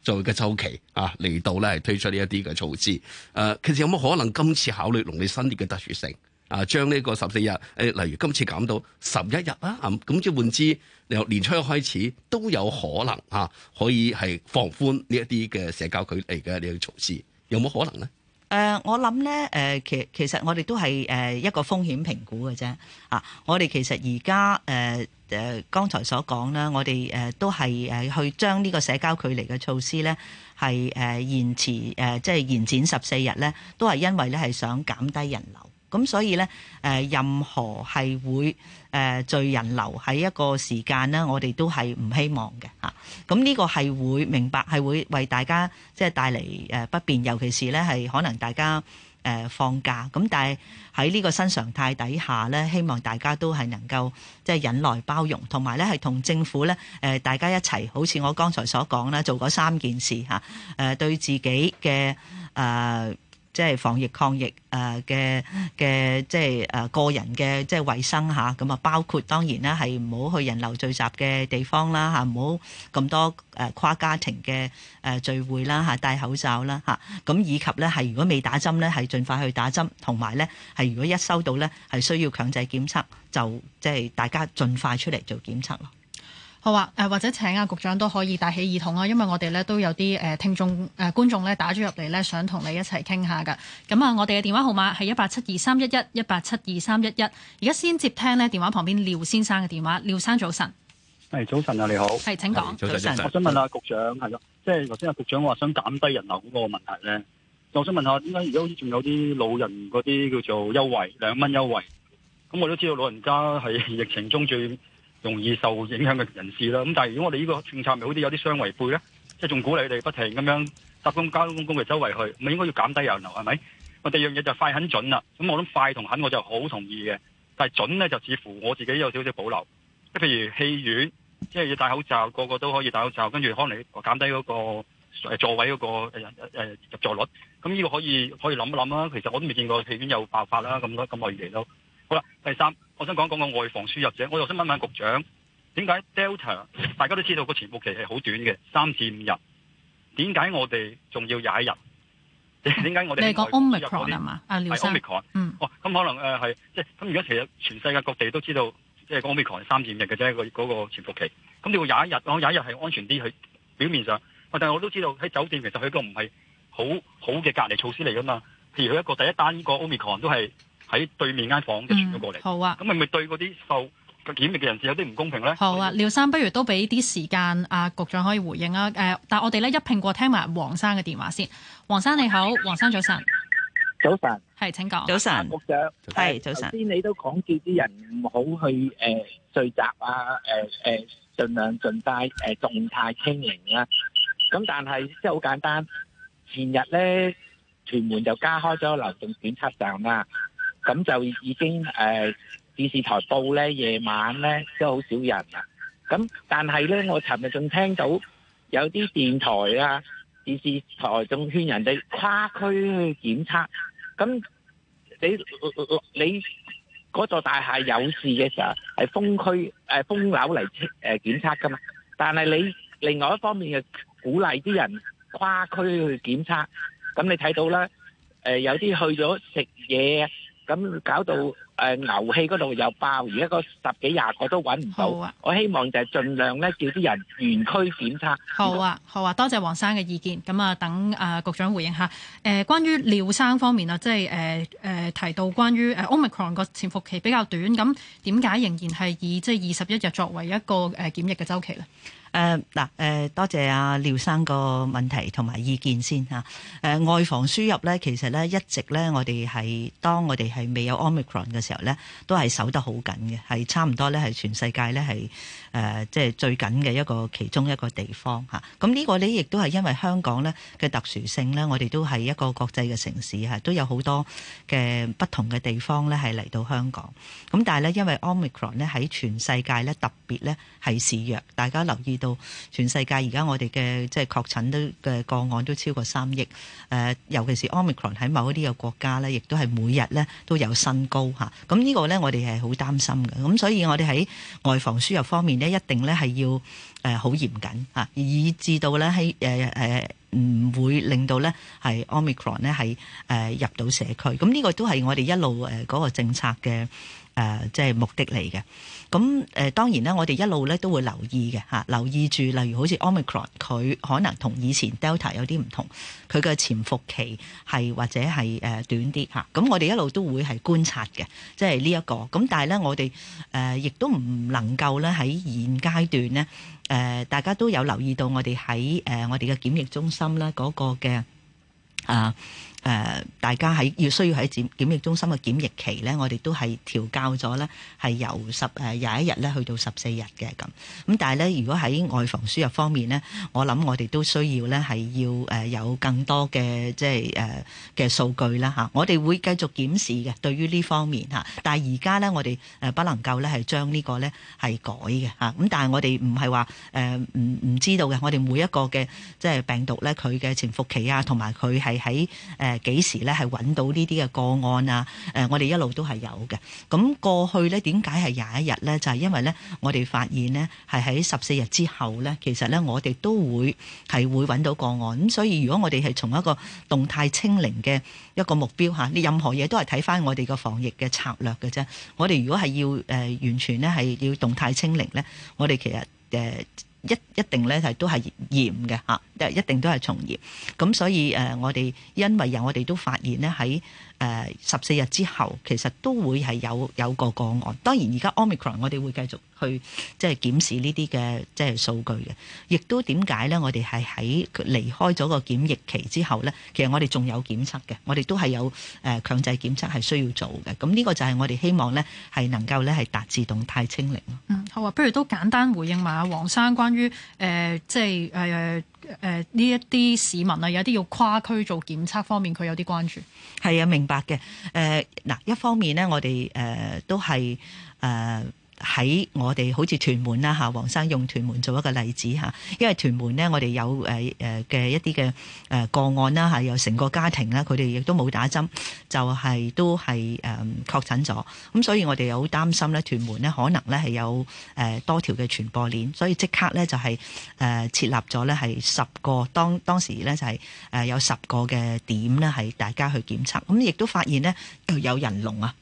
C: 做一個周期啊，嚟到咧係推出呢一啲嘅措施，呃、其實有冇可能今次考慮農曆新年嘅特殊性啊，將呢個十四日，例如今次減到十一日啦，咁即係換之由年初一開始都有可能嚇、啊，可以係放寬呢一啲嘅社交距離嘅呢個措施，有冇可能咧？
A: 呃、我諗咧，其其實我哋都係誒一個風險評估嘅啫，啊，我哋其實而家誒剛才所講啦，我哋都係誒去將呢個社交距離嘅措施咧，係誒延遲誒即係、就是、延展十四日咧，都係因為咧係想減低人流。咁所以咧，任何係會誒、呃、聚人流喺一個時間呢，我哋都係唔希望嘅。咁呢個係會明白係會為大家即係帶嚟誒不便，尤其是咧係可能大家誒、呃、放假。咁但係喺呢個新常態底下咧，希望大家都係能夠即係忍耐包容，同埋咧係同政府咧、呃、大家一齊，好似我剛才所講啦，做嗰三件事、啊、對自己嘅誒。呃即係防疫抗疫誒嘅嘅，即係誒個人嘅即係衞生嚇，咁啊包括當然咧係唔好去人流聚集嘅地方啦嚇，唔好咁多誒跨家庭嘅誒聚會啦嚇，戴口罩啦嚇，咁以及咧係如果未打針咧係盡快去打針，同埋咧係如果一收到咧係需要強制檢測，就即係大家盡快出嚟做檢測咯。
B: 好啊，誒或者請阿局長都可以戴起耳童耳筒啊，因為我哋咧都有啲誒聽眾誒、呃、觀眾咧打咗入嚟咧，想同你一齊傾下噶。咁啊，我哋嘅電話號碼係一八七二三一一一八七二三一一。而家先接聽咧電話旁邊廖先生嘅電話，廖生早晨。
D: 係早晨啊，你好。係請講。早晨，早晨我想問下局長，係啊是，即係頭先阿局長話想減低人流嗰個問題咧，我想問下，點解而家好似仲有啲老人嗰啲叫做優惠兩蚊優惠？咁我都知道老人家係疫情中最容易受影響嘅人士啦，咁但係如果我哋呢個政策咪好似有啲相違背咧，即仲鼓勵你哋不停咁樣搭公共交通工具周圍去，咪應應該要減低人流係咪？我第二樣嘢就快狠準啦，咁我諗快同狠我就好同意嘅，但係準咧就似乎我自己有少少保留，即譬如戲院，即係要戴口罩，個個都可以戴口罩，跟住可能減低嗰個座位嗰個入座率，咁、這、呢個可以可以諗一諗啦。其實我都未見過戲院有爆發啦，咁多咁耐以嚟都。好啦，第三，我想講講個外防輸入者。我又想問問局長，點解 Delta 大家都知道個潛伏期係好短嘅，三至五日，點解我哋仲要廿一日？點解我哋、啊？你係講 Omicron 係嘛是？啊，廖生 Omicron、啊、嗯，哦，咁可能誒係，即係咁而家其實全世界各地都知道，即係 Omicron 係三至五日嘅啫，那個嗰個潛伏期。咁你話廿一日，我廿一日係安全啲，係表面上。但係我都知道喺酒店其實佢個唔係好好嘅隔離措施嚟㗎嘛。譬如佢一個第一單呢個 Omicron 都係。喺對面間房就傳咗過嚟，好啊！咁係咪對嗰啲受檢疫嘅人士有啲唔公平咧？好
B: 啊，廖生，不如都俾啲時間阿局長可以回應啊！誒，但係我哋咧一拼過聽埋黃生嘅電話先。黃生你好，黃生早晨。
A: 早晨。
B: 係，請講。早晨。
A: 局長。係早晨。
B: 先
C: 你都講住啲人唔好去誒聚集啊！誒誒，儘量盡快誒動態清零啦。咁但係即係好簡單，前日咧屯門就加開咗流動檢測站啦。咁就已經誒電視台報咧，夜晚咧都好少人啦。咁但係咧，我尋日仲聽到有啲電台啊、電視台仲勸人哋跨區去檢測。咁你你你嗰座大廈有事嘅時候係封區誒封樓嚟誒檢測㗎嘛？但係你另外一方面就鼓勵啲人跨區去檢測。咁你睇到啦，誒有啲去咗食嘢。咁搞到誒牛氣嗰度又爆，而家嗰十幾廿個都揾唔到。啊、我希望就係儘量咧叫啲人園區檢測。
D: 好啊，那好
B: 啊，好啊，多謝黃生嘅意見。咁啊，等啊、呃、局長回應一下。誒、呃，關於廖生方面啊，即係誒誒提到關於、呃、Omicron 個潛伏期比較短，咁點解仍然係以即係二十一日作為一個誒、呃、檢疫嘅周期咧？
A: 誒嗱誒，多謝阿、啊、廖生個問題同埋意見先嚇。誒、呃、外防輸入咧，其實咧一直咧，我哋係當我哋係未有 Omicron 嘅時候咧，都係守得好緊嘅，係差唔多咧，係全世界咧係誒即係最緊嘅一個其中一個地方嚇。咁、啊、呢個呢，亦都係因為香港咧嘅特殊性咧，我哋都係一個國際嘅城市嚇、啊，都有好多嘅不同嘅地方咧係嚟到香港。咁但係咧，因為 Omicron 咧喺全世界咧特別咧係肆虐，大家留意。到全世界，而家我哋嘅即係確診都嘅個案都超過三億，誒、呃，尤其是 Omicron 喺某一啲嘅國家咧，亦都係每日咧都有新高吓，咁呢個咧，我哋係好擔心嘅。咁所以，我哋喺外防輸入方面咧，一定咧係要誒好嚴謹嚇，以致到咧喺誒誒。呃呃唔會令到咧係 Omicron，咧係入到社區，咁、這、呢個都係我哋一路嗰個政策嘅即係目的嚟嘅。咁誒當然咧，我哋一路咧都會留意嘅嚇，留意住例如好似 Omicron，佢可能同以前 Delta 有啲唔同，佢嘅潛伏期係或者係短啲嚇。咁我哋一路都會係觀察嘅，即係呢一個。咁但係咧，我哋亦都唔能夠咧喺現階段咧。呃，大家都有留意到我哋喺，呃，我哋嘅檢疫中心啦，嗰個嘅啊。誒、呃，大家喺要需要喺檢檢疫中心嘅檢疫期咧，我哋都係調校咗咧，係由十誒廿一日咧去到十四日嘅，咁。咁但係咧，如果喺外防輸入方面咧，我諗我哋都需要咧係要誒有更多嘅即係誒嘅數據啦吓，我哋會繼續檢視嘅對於呢方面吓。但係而家咧，我哋誒不能夠咧係將呢個咧係改嘅吓。咁但係我哋唔係話誒唔唔知道嘅。我哋每一個嘅即係病毒咧，佢嘅潛伏期啊，同埋佢係喺誒。呃誒，幾時咧，係揾到呢啲嘅個案啊？誒，我哋一路都係有嘅。咁過去咧，點解係廿一日咧？就係因為咧，我哋發現咧，係喺十四日之後咧，其實咧，我哋都會係會揾到個案。咁所以，如果我哋係從一個動態清零嘅一個目標吓，你任何嘢都係睇翻我哋個防疫嘅策略嘅啫。我哋如果係要誒完全咧係要動態清零咧，我哋其實誒。呃一一定咧係都係嚴嘅嚇，一定都係從嚴。咁所以誒，我哋因為由我哋都發現咧喺誒十四日之後，其實都會係有有個個案。當然而家 Omicron，我哋會繼續去即係檢視呢啲嘅即係數據嘅。亦都點解呢？我哋係喺離開咗個檢疫期之後呢，其實我哋仲有檢測嘅，我哋都係有誒強制檢測係需要做嘅。咁、這、呢個就係我哋希望呢係能夠呢係達至動態清零。嗯，
B: 好啊，不如都簡單回應埋阿黃生關。關於誒、呃、即係誒誒呢一啲市民啊，有啲要跨區做檢測方面，佢有啲關注。
A: 係啊，明白嘅。誒、呃、嗱，一方面咧，我哋誒都係。誒、呃。喺我哋好似屯門啦嚇，黃生用屯門做一個例子嚇，因為屯門呢，我哋有誒誒嘅一啲嘅誒個案啦嚇，有成個家庭啦，佢哋亦都冇打針，就係、是、都係誒確診咗咁，所以我哋又好擔心呢，屯門呢，可能呢係有誒多條嘅傳播鏈，所以即刻呢，就係誒設立咗呢係十個當當時呢，就係誒有十個嘅點呢，係大家去檢測，咁亦都發現呢，有人龍啊，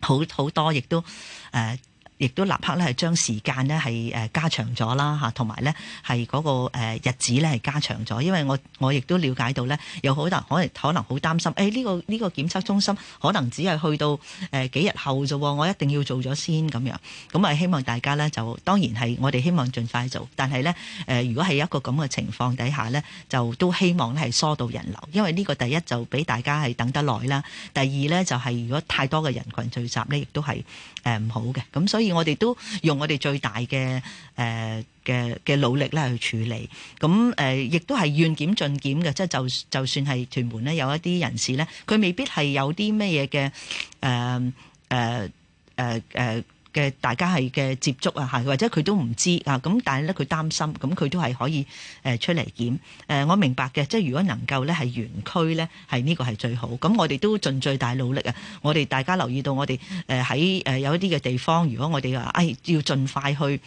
A: 好好多，亦都誒。呃亦都立刻咧係將時間呢，係誒加長咗啦吓，同埋呢，係嗰個誒日子呢，係加長咗，因為我我亦都了解到呢，有好多可可可能好擔心，誒、哎、呢、呢個呢、呢個檢測中心可能只係去到誒幾日後啫，我一定要做咗先咁樣，咁啊希望大家呢，就當然係我哋希望盡快做，但係呢誒如果係一個咁嘅情況底下呢，就都希望呢，係疏導人流，因為呢個第一就俾大家係等得耐啦，第二呢，就係、是、如果太多嘅人群聚集呢，亦都係誒唔好嘅，咁所以。我哋都用我哋最大嘅，誒嘅嘅努力咧去處理，咁誒、呃、亦都係願檢盡檢嘅，即係就就算係屯門咧有一啲人士咧，佢未必係有啲咩嘢嘅誒誒誒誒。呃呃呃嘅大家係嘅接觸啊，係或者佢都唔知啊，咁但係咧佢擔心，咁佢都係可以誒出嚟檢誒。我明白嘅，即係如果能夠咧係園區咧，係呢個係最好。咁我哋都盡最大努力啊！我哋大家留意到，我哋誒喺誒有一啲嘅地方，如果我哋話哎要盡快去。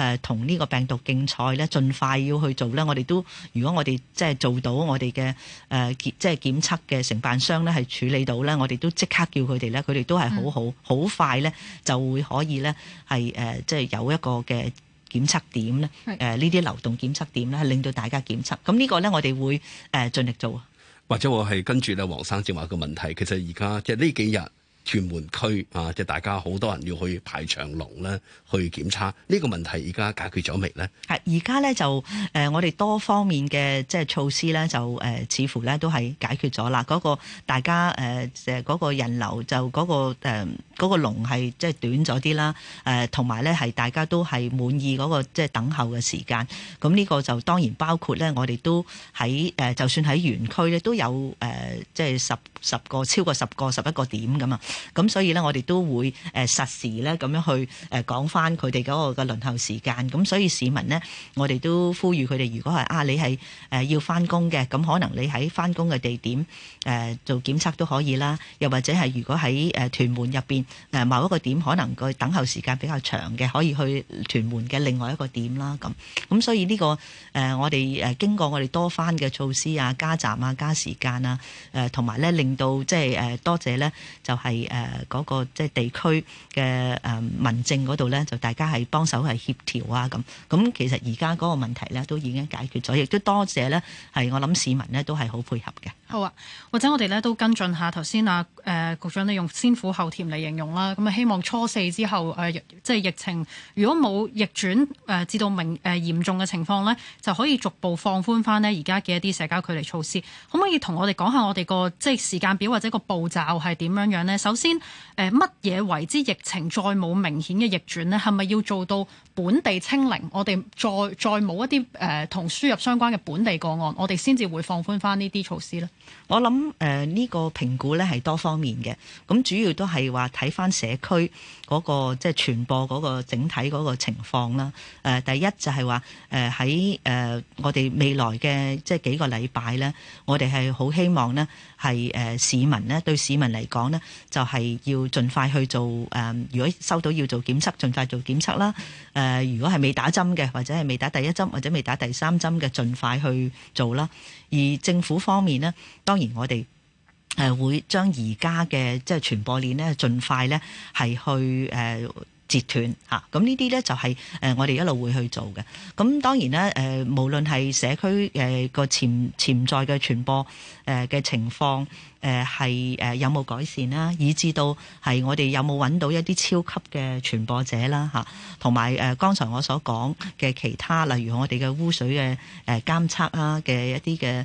A: 誒同呢個病毒競賽咧，盡快要去做咧。我哋都如果我哋即係做到我哋嘅誒即係檢測嘅承辦商咧，係處理到咧，我哋都即刻叫佢哋咧，佢哋都係好好好、嗯、快咧、呃，就會可以咧係誒即係有一個嘅檢測點咧，誒呢啲流動檢測點咧，係令到大家檢測。咁呢個咧，我哋會誒盡力做啊。或
C: 者我係跟住咧，黃生正話個問題，其實而家即係呢幾日。屯門區啊，即係大家好多人要去排長龍咧，去檢測呢個問題，而家解決咗未呢？
A: 係而家咧就誒，我哋多方面嘅即係措施咧，就誒似乎咧都係解決咗啦。嗰個大家誒誒嗰個人流就嗰個誒嗰個龍係即係短咗啲啦。誒同埋咧係大家都係滿意嗰個即係等候嘅時間。咁呢個就當然包括咧，我哋都喺誒，就算喺園區咧都有誒，即係十十個超過十個十一個點咁啊。咁所以呢，我哋都會誒實時呢咁樣去誒講翻佢哋嗰個嘅輪候時間。咁所以市民呢，我哋都呼籲佢哋，如果係啊，你係誒要翻工嘅，咁可能你喺翻工嘅地點誒、呃、做檢測都可以啦。又或者係如果喺誒屯門入邊誒某一個點，可能個等候時間比較長嘅，可以去屯門嘅另外一個點啦。咁咁所以呢、呢個誒、呃、我哋誒經過我哋多番嘅措施啊，加站啊，加時間啊，誒同埋咧令到即係誒多謝呢就係、係。誒嗰個即係地區嘅誒民政嗰度呢，就大家係幫手係協調啊咁。咁其實而家嗰個問題咧，都已經解決咗，亦都多謝呢，係我諗市民呢都係好配合嘅。好
B: 啊，或者我哋呢都跟進下頭先啊誒局長你用先苦後甜嚟形容啦。咁啊，希望初四之後誒即係疫情如果冇逆轉誒至到明誒嚴重嘅情況呢，就可以逐步放寬翻呢而家嘅一啲社交距離措施。可唔可以同我哋講下我哋個即係時間表或者個步驟係點樣樣呢？首先，誒乜嘢為之疫情再冇明顯嘅逆轉呢？係咪要做到本地清零？我哋再再冇一啲誒同輸入相關嘅本地個案，我哋先至會放寬翻呢啲措施咧？
A: 我諗誒呢個評估咧係多方面嘅，咁主要都係話睇翻社區嗰個即係傳播嗰個整體嗰個情況啦。誒第一就係話誒喺誒我哋未來嘅即係幾個禮拜咧，我哋係好希望呢。係、呃、市民咧，對市民嚟講咧，就係、係、要盡快去做、呃、如果收到要做檢測，盡快做檢測啦、呃。如果係未打針嘅，或者係未打第一針或者未打第三針嘅，盡快去做啦。而政府方面咧，當然我哋誒會將而家嘅即係傳播鏈咧，盡快咧係去、呃截斷嚇，咁呢啲呢就係誒我哋一路會去做嘅。咁當然咧誒、啊，無論係社區誒個潛潛在嘅傳播誒嘅、啊、情況誒，係、啊、誒、啊、有冇改善啦，以至到係我哋有冇揾到一啲超級嘅傳播者啦嚇，同埋誒剛才我所講嘅其他，例如我哋嘅污水嘅誒、啊、監測啦嘅一啲嘅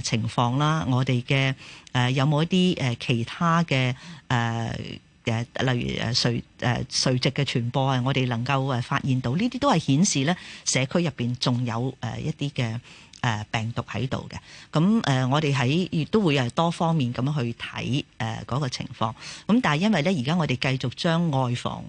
A: 誒情況啦，我哋嘅誒有冇一啲誒、啊、其他嘅誒。啊嘅，例如誒垂誒垂直嘅傳播啊，我哋能夠誒發現到呢啲都係顯示咧社區入邊仲有誒一啲嘅誒病毒喺度嘅。咁誒，我哋喺亦都會誒多方面咁樣去睇誒嗰個情況。咁但係因為咧，而家我哋繼續將外防。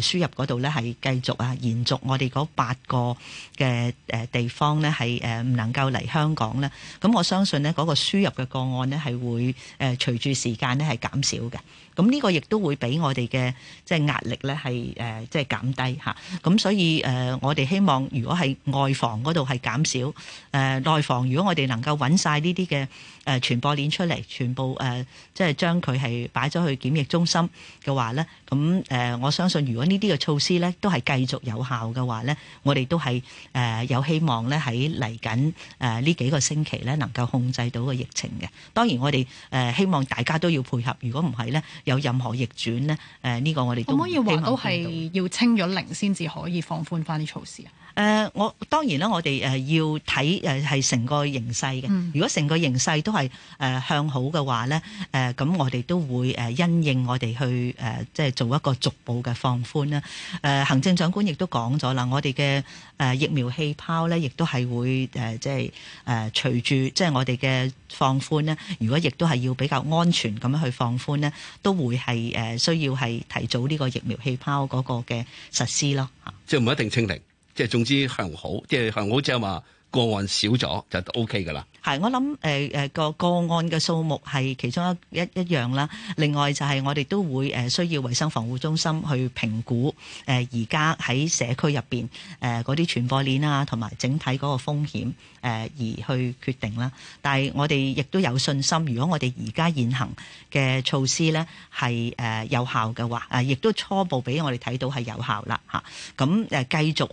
A: 誒，輸入嗰度咧，係繼續啊，延續我哋嗰八個嘅誒地方咧，係誒唔能夠嚟香港咧。咁我相信呢嗰個輸入嘅個案咧，係會誒隨住時間咧，係減少嘅。咁呢個亦都會俾我哋嘅即係壓力咧，係誒即係減低吓。咁所以誒我哋希望如果係外防嗰度係減少，誒內防如果我哋能夠揾晒呢啲嘅。誒傳播鏈出嚟，全部誒、呃、即係將佢係擺咗去檢疫中心嘅話呢。咁誒、呃、我相信，如果呢啲嘅措施呢都係繼續有效嘅話呢，我哋都係誒、呃、有希望呢喺嚟緊誒呢幾個星期呢能夠控制到個疫情嘅。當然我哋誒、呃、希望大家都要配合，如果唔係呢，有任何逆轉呢，誒、呃、呢、呢個我哋都幾難做到。可唔可以話到係
B: 要清咗零先至可以放寬返啲措施啊？
A: 誒、呃，我當然啦，我哋誒要睇誒係成個形勢嘅。如果成個形勢都係誒、呃、向好嘅話咧，誒、呃、咁我哋都會誒、呃、因應我哋去誒、呃、即係做一個逐步嘅放寬啦、呃。行政長官亦都講咗啦，我哋嘅誒疫苗氣泡咧，亦都係會誒、呃、即係誒隨住即係我哋嘅放寬咧。如果亦都係要比較安全咁樣去放寬咧，都會係誒、呃、需要係提早呢個疫苗氣泡嗰個嘅實施咯。即
C: 係唔一定清零。即係總之行好，即係行好，即係話個案少咗就 O K 㗎啦。
A: 係，我諗誒誒個案嘅數目係其中一一,一樣啦。另外就係我哋都會需要衞生防護中心去評估而家喺社區入面嗰啲傳播鏈啊，同埋整體嗰個風險而去決定啦。但係我哋亦都有信心，如果我哋而家現行嘅措施咧係誒有效嘅話，亦都初步俾我哋睇到係有效啦嚇。咁誒繼續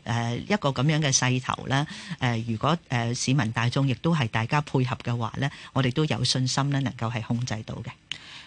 A: 一個咁樣嘅勢頭咧，如果市民大眾亦都係大家。配合嘅話呢，我哋都有信心咧，能夠係控制到嘅。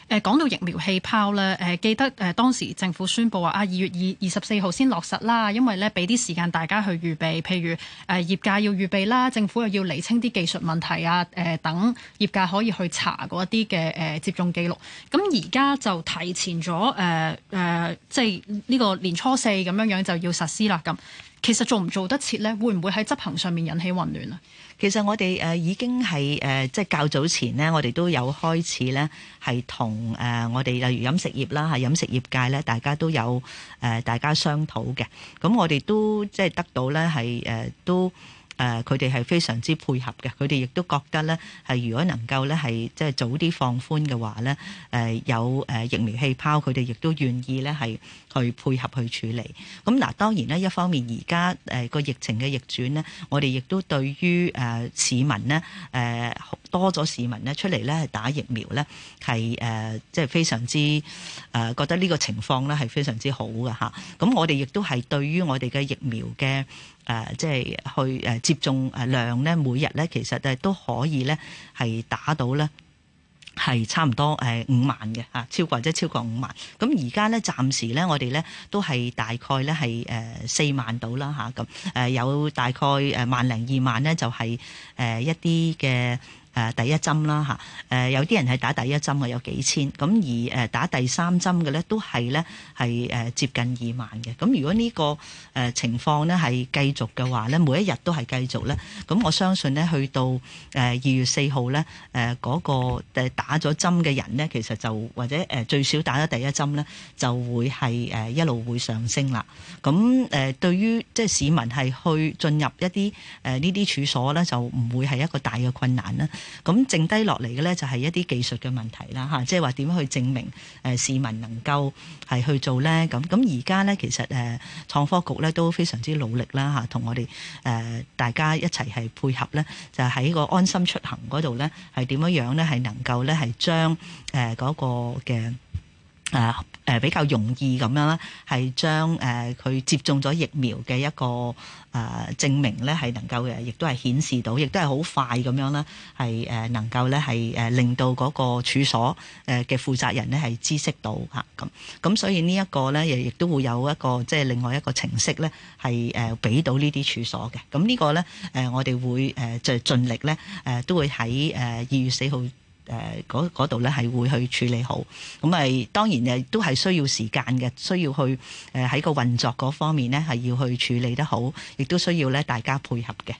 B: 誒講到疫苗氣泡呢，誒記得誒當時政府宣布話啊，二月二二十四號先落實啦，因為咧俾啲時間大家去預備，譬如誒業界要預備啦，政府又要釐清啲技術問題啊，誒等業界可以去查嗰啲嘅誒接種記錄。咁而家就提前咗誒誒，即係呢個年初四咁樣樣就要實施啦。咁其實做唔做得切呢？會唔會喺執行上面引起混亂啊？
A: 其實我哋誒已經係誒即係較早前呢，我哋都有開始呢係同誒我哋例如飲食業啦嚇飲食業界呢，大家都有誒大家商討嘅。咁我哋都即係得到呢係誒都誒佢哋係非常之配合嘅，佢哋亦都覺得呢，係如果能夠呢係即係早啲放寬嘅話呢，誒有誒疫苗氣泡，佢哋亦都願意呢係。去配合去處理，咁嗱當然呢，一方面而家誒個疫情嘅逆轉呢，我哋亦都對於誒市民呢，誒多咗市民呢出嚟呢打疫苗呢，係誒即係非常之誒覺得呢個情況呢係非常之好嘅吓，咁我哋亦都係對於我哋嘅疫苗嘅誒即係去誒接種誒量呢，每日呢其實誒都可以呢係打到呢。係差唔多誒五萬嘅吓，超過或者超過五萬。咁而家咧，暫時咧，我哋咧都係大概咧係誒四萬到啦吓，咁。誒有大概誒萬零二萬咧，就係誒一啲嘅。誒第一針啦嚇，誒有啲人係打第一針嘅有幾千，咁而誒打第三針嘅咧都係咧係誒接近二萬嘅。咁如果呢個誒情況咧係繼續嘅話咧，每一日都係繼續咧，咁我相信咧去到誒二月四號咧誒嗰個誒打咗針嘅人咧，其實就或者誒最少打咗第一針咧，就會係誒一路會上升啦。咁誒對於即係市民係去進入一啲誒呢啲處所咧，就唔會係一個大嘅困難啦。咁剩低落嚟嘅呢，就係一啲技術嘅問題啦嚇，即係話點樣去證明市民能夠係去做呢？咁咁而家呢，其實誒創科局呢都非常之努力啦嚇，同我哋誒大家一齊係配合呢，就喺個安心出行嗰度呢，係點樣樣呢？係能夠呢，係將誒嗰個嘅。誒誒比較容易咁樣啦，係將誒佢接種咗疫苗嘅一個誒證明咧，係能夠嘅，亦都係顯示到，亦都係好快咁樣啦，係誒能夠咧係誒令到嗰個處所誒嘅負責人咧係知悉到嚇咁，咁所以呢一個咧，亦亦都會有一個即係、就是、另外一個程式咧，係誒俾到呢啲處所嘅，咁呢個咧誒我哋會誒就盡力咧誒都會喺誒二月四號。誒嗰度咧係會去處理好，咁咪當然誒都係需要時間嘅，需要去誒喺個運作嗰方面咧係要去處理得好，亦都需要咧大家配合嘅。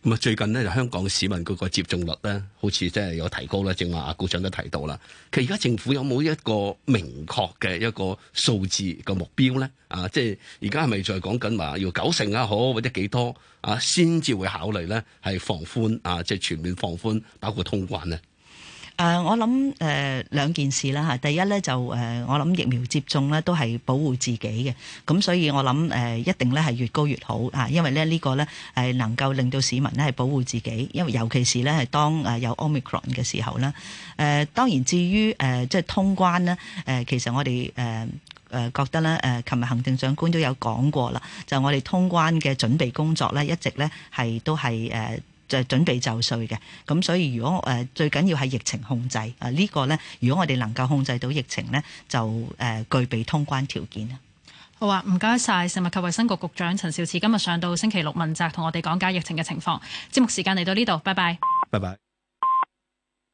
C: 咁啊，最近呢，就香港市民嗰個接種率咧，好似真係有提高啦，正話阿局長都提到啦。其實而家政府有冇一個明確嘅一個數字嘅目標咧？啊，即係而家係咪再講緊話要九成啊，好或者幾多啊，先至會考慮咧係放寬啊，即係全面放寬，包括通關咧？
A: 誒、呃，我諗誒兩件事啦嚇。第一咧就誒、呃，我諗疫苗接種咧都係保護自己嘅，咁所以我諗誒、呃、一定咧係越高越好啊，因為咧呢、這個咧誒能夠令到市民咧係保護自己，因為尤其是咧係當誒有 Omicron 嘅時候啦。誒、呃、當然至於誒、呃、即係通關咧，誒、呃、其實我哋誒誒覺得咧誒，琴、呃、日行政長官都有講過啦，就是、我哋通關嘅準備工作咧，一直咧係都係誒。呃就準備就緒嘅，咁所以如果誒、呃、最緊要係疫情控制啊，呢、呢個呢，如果我哋能夠控制到疫情呢，就誒、呃、具備通關條件啊。
B: 好啊，唔該晒。食物及衞生局局長陳肇始今日上到星期六問責，同我哋講解疫情嘅情況。節目時間嚟到呢度，拜拜。
C: 拜拜。